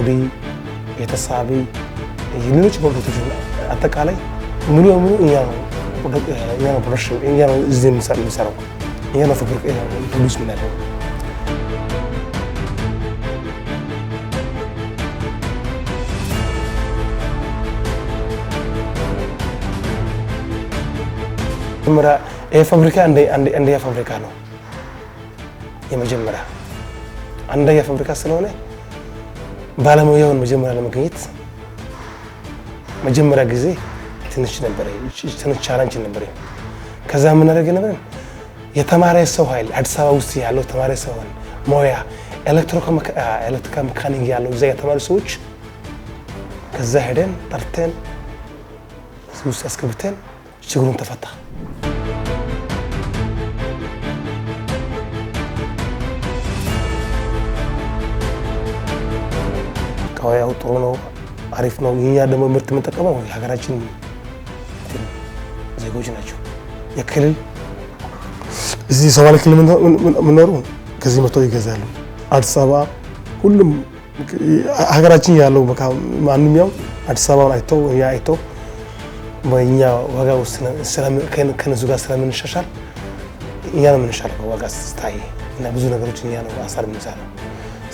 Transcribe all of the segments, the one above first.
ሳውዲ፣ የተሳቢ ሌሎች ፕሮጀክቶች አጠቃላይ ሙሉ በሙሉ እኛ ነው ፕሮዳክሽን እኛ ነው እዚህ የምንሰራው እኛ ነው ፍቅር ፕሮዲስ ምናደው መጀመሪያ ይሄ ፋብሪካ አንደኛ ፋብሪካ ነው። የመጀመሪያ አንደኛ ፋብሪካ ስለሆነ ባለሙያውን መጀመሪያ ለመገኘት መጀመሪያ ጊዜ ትንሽ ነበረ፣ ትንሽ ቻላንጅ ነበረ። ከዛ የምናደርገ ነበር የተማረ ሰው ኃይል አዲስ አበባ ውስጥ ያለው ተማረ ሰው ኃይል ሙያ ኤሌክትሪካ መካኒክ ያለው እዛ የተማሩ ሰዎች ከዛ ሄደን ጠርተን ውስጥ አስገብተን ችግሩን ተፈታ። ገበያው ጥሩ ነው፣ አሪፍ ነው። እኛ ደግሞ ምርት የምንጠቀመው የሀገራችን ዜጎች ናቸው። የክልል እዚህ የሶማሌ ክልል የምኖሩ ከዚህ መጥተው ይገዛሉ። አዲስ አበባ ሁሉም ሀገራችን ያለው ማንም ያው አዲስ አበባን አይተው እኛ አይተው በእኛ ዋጋ ከነሱ ጋር ስለምንሻሻል እኛ ነው የምንሻለው። ዋጋ ስታይ እና ብዙ ነገሮች እኛ ነው አሳር የምንሰራው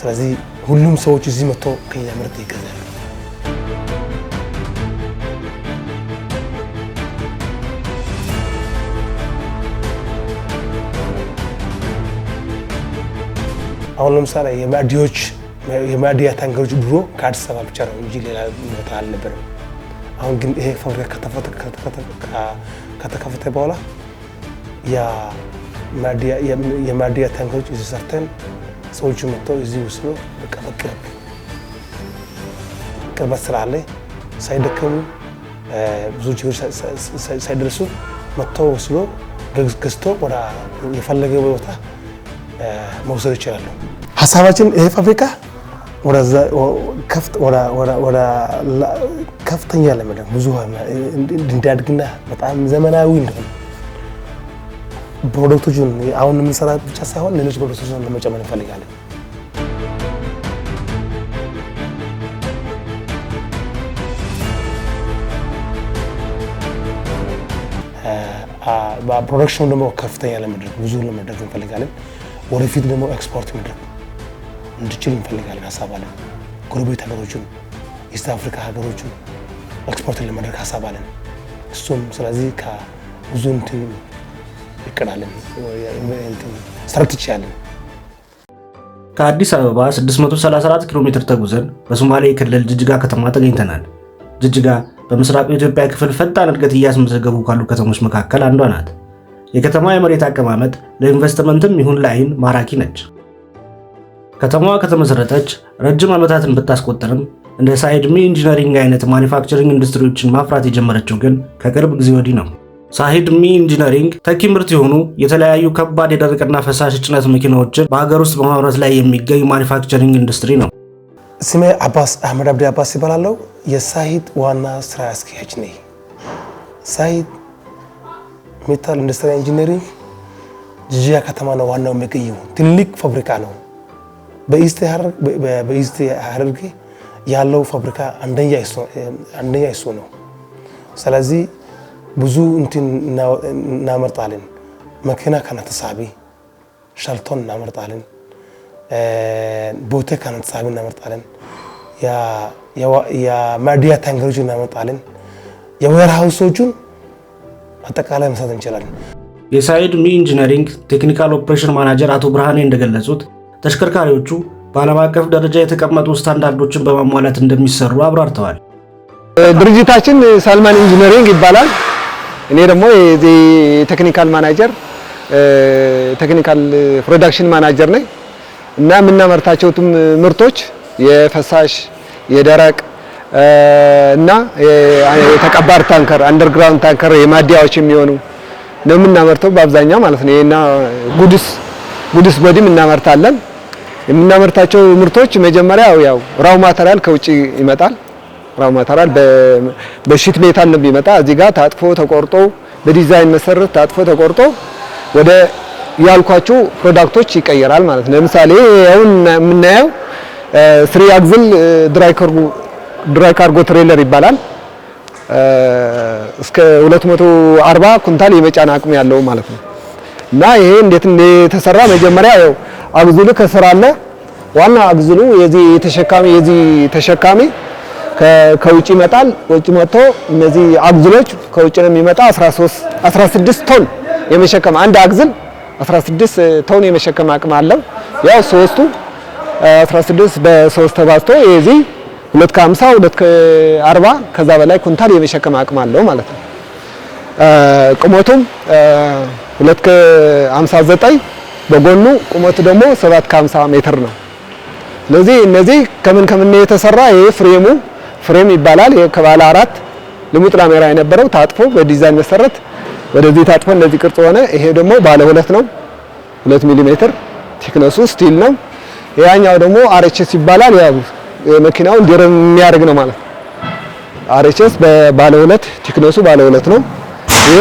ስለዚህ ሁሉም ሰዎች እዚህ መጥቶ ከኛ ምርት ይገዛል። አሁን ለምሳሌ የማዕድዮች የማዕድያ ታንከሮች ድሮ ከአዲስ አበባ ብቻ ነው እንጂ ሌላ ቦታ አልነበረም። አሁን ግን ይሄ ፋብሪካ ከተከፈተ በኋላ የማዕድያ ታንከሮች እዚህ ሰርተን ሰዎቹ መጥተው እዚህ ውስሎ በቃ በቅርብ ቅርበት ስራ ላይ ሳይደከሙ ብዙ ችግር ሳይደርሱ መጥተው ወስሎ ገዝቶ ወደ የፈለገ ቦታ መውሰድ ይችላሉ። ሀሳባችን ይሄ ፋብሪካ ከፍተኛ ለመደ ብዙ እንዲያድግና በጣም ዘመናዊ እንደሆነ ፕሮደክቶችን አሁን የምንሰራ ብቻ ሳይሆን ሌሎች ፕሮደክቶችን ለመጨመር እንፈልጋለን። ፕሮዳክሽኑ ደግሞ ከፍተኛ ለመድረግ ብዙ ለመድረግ እንፈልጋለን። ወደፊት ደግሞ ኤክስፖርት መድረግ እንድችል እንፈልጋለን። ሀሳብ አለን። ጎረቤት ሀገሮችን፣ ኢስት አፍሪካ ሀገሮችን ኤክስፖርት ለመድረግ ሀሳብ አለን። እሱም ስለዚህ ከብዙ እንትን እቅዳለን ስትራቴጂ ያለን። ከአዲስ አበባ 634 ኪሎ ሜትር ተጉዘን በሶማሌ ክልል ጅጅጋ ከተማ ተገኝተናል። ጅጅጋ በምስራቅ የኢትዮጵያ ክፍል ፈጣን እድገት እያስመዘገቡ ካሉ ከተሞች መካከል አንዷ ናት። የከተማ የመሬት አቀማመጥ ለኢንቨስትመንትም ይሁን ለአይን ማራኪ ነች። ከተማዋ ከተመሰረተች ረጅም ዓመታትን ብታስቆጠርም እንደ ሳይድሚ ኢንጂነሪንግ አይነት ማኒፋክቸሪንግ ኢንዱስትሪዎችን ማፍራት የጀመረችው ግን ከቅርብ ጊዜ ወዲህ ነው። ሳሂድ ሚ ኢንጂነሪንግ ተኪ ምርት የሆኑ የተለያዩ ከባድ የደረቅና ፈሳሽ ጭነት መኪናዎችን በሀገር ውስጥ በማምረት ላይ የሚገኝ ማኒፋክቸሪንግ ኢንዱስትሪ ነው። ስሜ አባስ አህመድ አብዲ አባስ ይባላለው። የሳሂድ ዋና ስራ አስኪያጅ ነኝ። ሳሂድ ሜታል ኢንዱስትሪ ኢንጂነሪንግ ጅጅጋ ከተማ ነው ዋናው የሚገኘው። ትልቅ ፋብሪካ ነው። በኢስት ሐረርጌ ያለው ፋብሪካ አንደኛ እሱ ነው። ስለዚህ ብዙ እንትን እናመርጣለን። መኪና ከነ ተሳቢ ሸልቶን እናመርጣለን። ቦቴ ከነ እናመርጣለን። የማዲያ ታንከሮች እናመርጣለን። የዌርሃውሶቹን አጠቃላይ መስራት እንችላለን። የሳይድ ሚ ኢንጂነሪንግ ቴክኒካል ኦፕሬሽን ማናጀር አቶ ብርሃኔ እንደገለጹት ተሽከርካሪዎቹ በዓለም አቀፍ ደረጃ የተቀመጡ ስታንዳርዶችን በማሟላት እንደሚሰሩ አብራርተዋል። ድርጅታችን ሳልማን ኢንጂነሪንግ ይባላል። እኔ ደግሞ የዚህ ቴክኒካል ማናጀር ቴክኒካል ፕሮዳክሽን ማናጀር ነኝ እና የምናመርታቸውትም ምርቶች የፈሳሽ የደረቅ እና የተቀባር ታንከር አንደርግራውንድ ታንከር የማዲያዎች የሚሆኑ ነው የምናመርተው በአብዛኛው ማለት ነው። እና ጉድስ ጉድስ ቦዲም እናመርታለን። የምናመርታቸው ምርቶች መጀመሪያ ያው ራው ማተሪያል ከውጭ ይመጣል። ራውማታራል በሽት ሜታል ነው የሚመጣ። እዚህ ጋር ታጥፎ ተቆርጦ በዲዛይን መሰረት ታጥፎ ተቆርጦ ወደ ያልኳቸው ፕሮዳክቶች ይቀየራል ማለት ነው። ለምሳሌ አሁን የምናየው ስሪ አግዝል ድራይ ካርጎ ትሬለር ይባላል። እስከ 240 ኩንታል የመጫን አቅም ያለው ማለት ነው። እና ይሄ እንዴት እንደተሰራ መጀመሪያ ያው አግዝሉ ከስራ አለ። ዋና አግዝሉ የዚህ ተሸካሚ የዚህ ተሸካሚ ከውጭ ይመጣል። ውጭ መጥቶ እነዚህ አግዝሎች ከውጭ ነው የሚመጣ 16 ቶን የመሸከም አንድ አግዝል 16 ቶን የመሸከም አቅም አለው። ያው ሶስቱ 16 በሶስት ተባዝቶ የዚህ 250 240 ከዛ በላይ ኩንታል የመሸከም አቅም አለው ማለት ነው። ቁመቱም 259 በጎኑ ቁመቱ ደግሞ 7 50 ሜትር ነው። ስለዚህ እነዚህ ከምን ከምን የተሰራ ይሄ ፍሬሙ ፍሬም ይባላል። ይሄ ከባለ አራት ልሙጥ ላሜራ የነበረው ታጥፎ በዲዛይን መሰረት ወደዚህ ታጥፎ እንደዚህ ቅርጽ ሆነ። ይሄ ደግሞ ባለ ሁለት ነው፣ 2 ሚሊሜትር ሜትር ስቲል ነው። ያኛው ደግሞ አርኤችኤስ ይባላል። ያው የመኪናው ዲረም የሚያደርግ ነው ማለት አርኤችኤስ በባለ ሁለት ቲክነሱ ባለ ሁለት ነው። ይሄ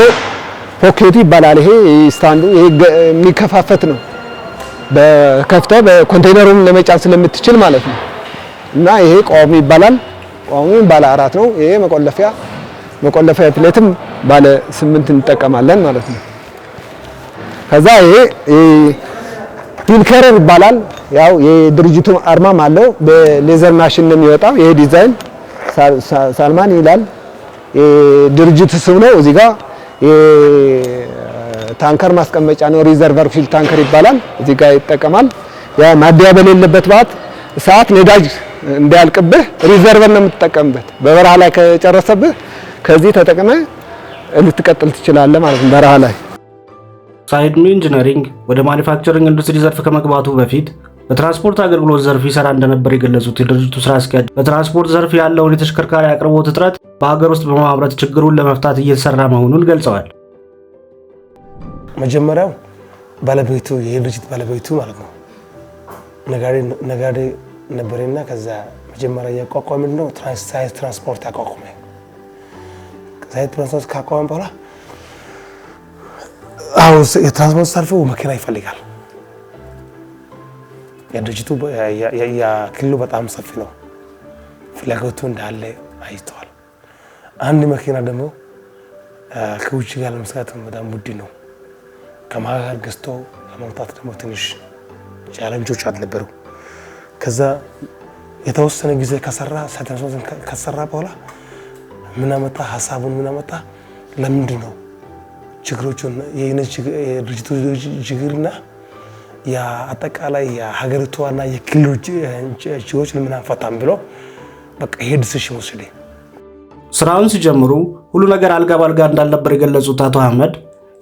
ፖኬቱ ይባላል። ይሄ ስታንዱ ይሄ የሚከፋፈት ነው። በከፍተ በኮንቴይነሩን ለመጫን ስለምትችል ማለት ነው እና ይሄ ቋሚ ይባላል። ቋሚም ባለ አራት ነው። ይሄ መቆለፊያ መቆለፊያ ፕሌትም ባለ ስምንት እንጠቀማለን ማለት ነው። ከዛ ይሄ ፊልከረር ይባላል። ያው የድርጅቱ አርማም አለው። በሌዘር ማሽን ነው የሚወጣው። ይሄ ዲዛይን ሳልማን ይላል የድርጅቱ ስም ነው። እዚህ ጋር ታንከር ማስቀመጫ ነው። ሪዘርቨር ፊል ታንከር ይባላል። እዚህ ጋር ይጠቀማል። ያ ማደያ በሌለበት ሰዓት ነዳጅ እንዲያልቅብህ ሪዘርቭ ነው የምትጠቀምበት። በበረሃ ላይ ከጨረሰብህ ከዚህ ተጠቅመ ልትቀጥል ትችላለህ ማለት ነው። በረሃ ላይ ሳይድኑ ኢንጂነሪንግ ወደ ማኒፋክቸሪንግ ኢንዱስትሪ ዘርፍ ከመግባቱ በፊት በትራንስፖርት አገልግሎት ዘርፍ ይሰራ እንደነበር የገለጹት የድርጅቱ ስራ አስኪያጅ በትራንስፖርት ዘርፍ ያለውን የተሽከርካሪ አቅርቦት እጥረት በሀገር ውስጥ በማምረት ችግሩን ለመፍታት እየተሰራ መሆኑን ገልጸዋል። መጀመሪያው ባለቤቱ የድርጅት ባለቤቱ ማለት ነው ነጋዴ ነበረና ከዛ መጀመሪያ ያቋቋመ ምንድነው ሳይንስ ትራንስፖርት አቋቁመ ሳይንስ ትራንስፖርት ካቋቋመ በኋላ አሁን የትራንስፖርት ሳልፎ መኪና ይፈልጋል። የድርጅቱ የክልሉ በጣም ሰፊ ነው፣ ፍላጎቱ እንዳለ አይተዋል። አንድ መኪና ደግሞ ከውጭ ጋር ለመስራት በጣም ውድ ነው። ከማሀል ገዝቶ ለመውጣት ደግሞ ትንሽ ቻለንጆች አልነበሩ። ከዛ የተወሰነ ጊዜ ከሰራ ሳይትራንስፎርሜሽን ከሰራ በኋላ ምናመጣ ሀሳቡን ምናመጣ ለምንድን ነው ችግሮቹን የድርጅቱ ችግርና የአጠቃላይ የሀገሪቷና የክልሉ ችግሮች ለምን ብሎ በቃ ይሄ ዲሲሽን ወስደ ስራውን ሲጀምሩ ሁሉ ነገር አልጋ ባልጋ እንዳልነበር የገለጹት አቶ አህመድ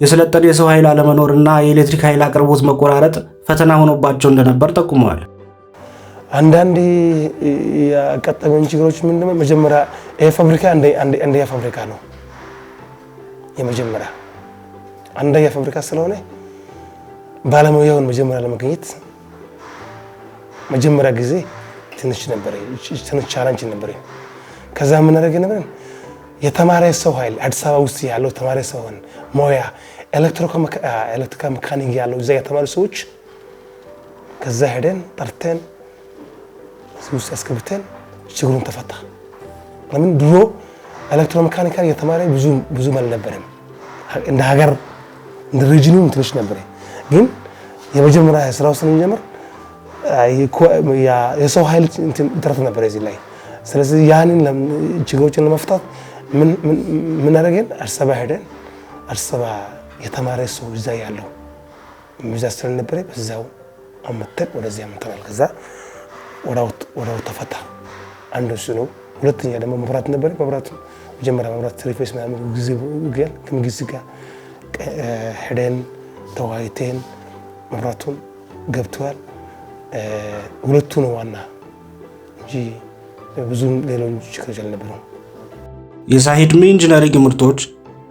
የሰለጠነ የሰው ኃይል አለመኖርና የኤሌክትሪክ ኃይል አቅርቦት መቆራረጥ ፈተና ሆኖባቸው እንደነበር ጠቁመዋል። አንዳንድ ያጋጠመን ችግሮች ምንድነው? መጀመሪያ ይሄ ፋብሪካ አንደኛ ፋብሪካ ነው። የመጀመሪያ አንደኛ ፋብሪካ ስለሆነ ባለሙያውን መጀመሪያ ለመገኘት መጀመሪያ ጊዜ ትንሽ ነበረ፣ ትንሽ ቻላንጅ ነበረ። ከዛ የምናደርገ ነበር የተማረ ሰው ኃይል አዲስ አበባ ውስጥ ያለው ተማሪ ሰውን ሞያ ኤሌክትሪካ መካኒክ ያለው እዛ የተማሩ ሰዎች ከዛ ሄደን ጠርተን ውስጥ ያስገብተን ችግሩን ተፈታ። ለምን ድሮ ኤሌክትሮሜካኒካል የተማረ ብዙ አልነበረም። እንደ ሀገር እንደ ሬጅኑም ትንሽ ነበረ። ግን የመጀመሪያ ስራው ስንጀምር የሰው ኃይል እጥረት ነበረ እዚህ ላይ። ስለዚህ ያንን ችግሮችን ለመፍታት ምን አደረገን? አዲስ አበባ ሄደን አዲስ አበባ የተማረ ሰው እዛ ያለው እዛ ስለነበረ በዛው አመተን ወደዚህ አመተናል ከዛ ወራው ተፈታ። አንዱ እሱ ነው። ሁለተኛ ደግሞ መብራት ነበረ። መብራቱ መጀመሪያ መብራት ምናምን ጊዜ ጋር ሄደን መብራቱን ገብተዋል። ሁለቱ ነው ዋና እንጂ ብዙም ሌሎች ችግሮች አልነበረም። የሳሂድሚ ኢንጂነሪንግ ምርቶች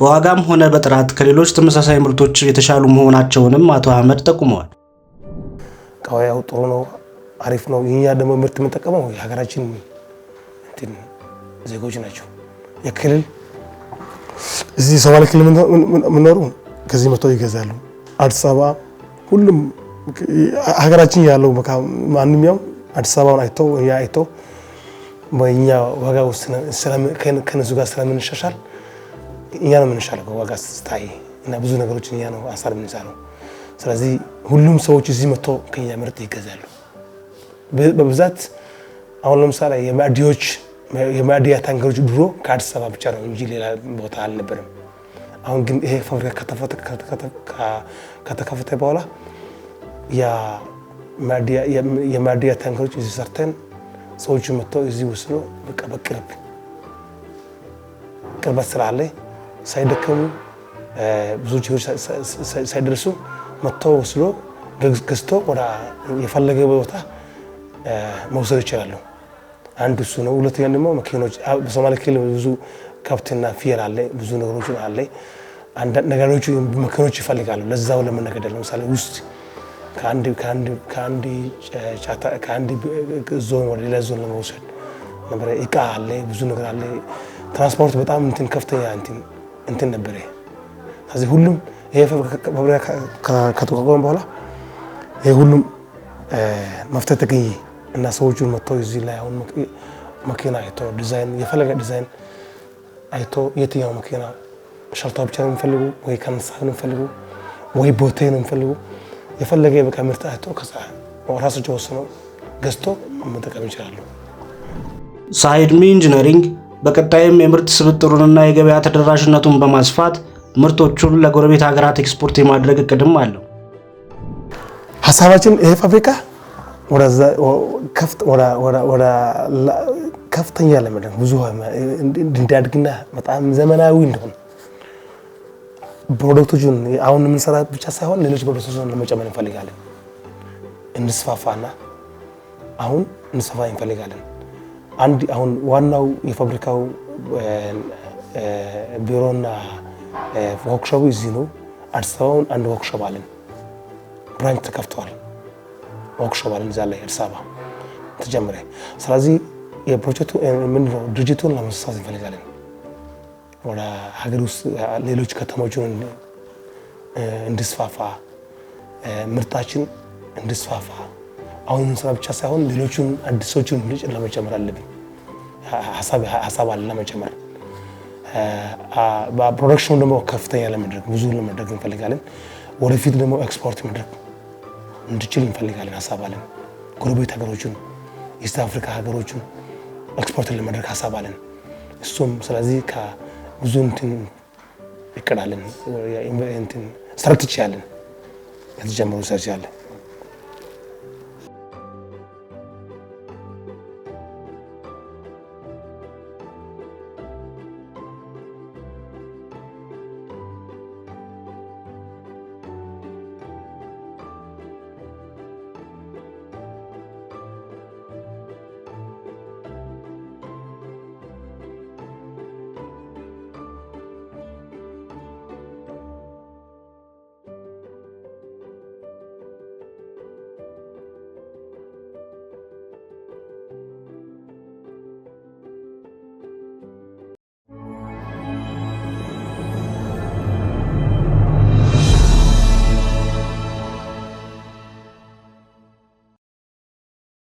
በዋጋም ሆነ በጥራት ከሌሎች ተመሳሳይ ምርቶች የተሻሉ መሆናቸውንም አቶ አህመድ ጠቁመዋል። ቀዋያው ጥሩ ነው። አሪፍ ነው። የኛ ደግሞ ምርት የምንጠቀመው የሀገራችን ዜጎች ናቸው። የክልል እዚህ ሶማሌ ክልል የምኖሩ ከዚህ መጥተው ይገዛሉ። አዲስ አበባ ሁሉም ሀገራችን ያለው ማንም ማንኛውም አዲስ አበባን አይተው እኛ አይተው በእኛ ዋጋ ከነሱ ጋር ስለምንሻሻል እኛ ነው የምንሻለው በዋጋ ስታይ እና ብዙ ነገሮችን እኛ ነው አሳር የምንሰራው። ስለዚህ ሁሉም ሰዎች እዚህ መጥቶ ከኛ ምርት ይገዛሉ። በብዛት አሁን ለምሳሌ የማዕድዮች የማዕድያ ታንከሮች ድሮ ከአዲስ አበባ ብቻ ነው እንጂ ሌላ ቦታ አልነበረም። አሁን ግን ይሄ ፋብሪካ ከተከፈተ በኋላ የማዕድያ ታንከሮች እዚህ ሰርተን ሰዎቹ መጥተው እዚህ ወስዶ በቃ በቅርብ ቅርበት ስላለ ሳይደከሙ ብዙ ችግሮች ሳይደርሱ መጥተው ወስዶ ገዝቶ ወደ የፈለገ ቦታ መውሰድ ይችላሉ። አንዱ እሱ ነው። ሁለተኛ ደግሞ መኪኖች በሶማሌ ክልል ብዙ ከብትና ፍየል አለ፣ ብዙ ነገሮች አለ። አንዳንድ ነገሮች መኪኖች ይፈልጋሉ። ለዛው ለመነገደል ለምሳሌ ውስጥ ከአንድ ዞን ወደ ሌላ ዞን ለመውሰድ ነበረ። እቃ አለ፣ ብዙ ነገር አለ። ትራንስፖርት በጣም እንትን ከፍተኛ እንትን ነበረ። ከዚህ ሁሉም ይሄ ፋብሪካ ከተቋቋመ በኋላ ይሄ ሁሉም መፍትሄ ተገኘ። እና ሰዎቹ መጥተው እዚህ ላይ አሁን መኪና አይቶ ዲዛይን የፈለገ ዲዛይን አይቶ የትኛው መኪና ሸርታ ብቻ ነው የሚፈልጉ ወይ ከንሳ ነው የሚፈልጉ ወይ ቦቴ ነው የሚፈልጉ የፈለገ በቃ ምርት አይቶ ከዛ ራሳቸው ወስነው ገዝቶ መጠቀም ይችላሉ። ሳይድሚ ኢንጂነሪንግ በቀጣይም የምርት ስብጥሩንና የገበያ ተደራሽነቱን በማስፋት ምርቶቹን ለጎረቤት ሀገራት ኤክስፖርት የማድረግ እቅድም አለው። ሀሳባችን ይሄ ፋብሪካ ከፍተኛ ለመድረክ ብዙ እንዳድግና በጣም ዘመናዊ እንደሆነ ፕሮደክቶቹን አሁን የምንሰራ ብቻ ሳይሆን ሌሎች ፕሮደክቶችን ለመጨመር እንፈልጋለን። እንስፋፋና አሁን እንስፋፋ እንፈልጋለን። አንድ አሁን ዋናው የፋብሪካው ቢሮና ወርክሾፑ እዚህ ነው። አዲስ አበባውን አንድ ወርክሾፕ አለን። ብራንች ተከፍተዋል። ወርክሾፕ አለ እዛ ላይ አዲስ አበባ ተጀመረ። ስለዚህ የፕሮጀክቱ ምንድነው ድርጅቱን ለመሳሳት እንፈልጋለን ወደ ሀገር ውስጥ ሌሎች ከተሞችን እንዲስፋፋ ምርታችን እንዲስፋፋ አሁን ስራ ብቻ ሳይሆን ሌሎቹን አዲሶቹን ልጭ ለመጨመር አለብን። ሀሳብ አለ ለመጨመር ፕሮዳክሽኑ ደግሞ ከፍተኛ ለመድረግ ብዙ ለመድረግ እንፈልጋለን። ወደፊት ደግሞ ኤክስፖርት መድረግ እንድችል እንፈልጋለን። ሀሳብ አለን። ጎረቤት ሀገሮችን ኢስት አፍሪካ ሀገሮችን ኤክስፖርትን ለማድረግ ሀሳብ አለን። እሱም ስለዚህ ከብዙ እንትን ይቀዳለን ሰርት ይችላለን የተጀመሩ ሰርች ያለን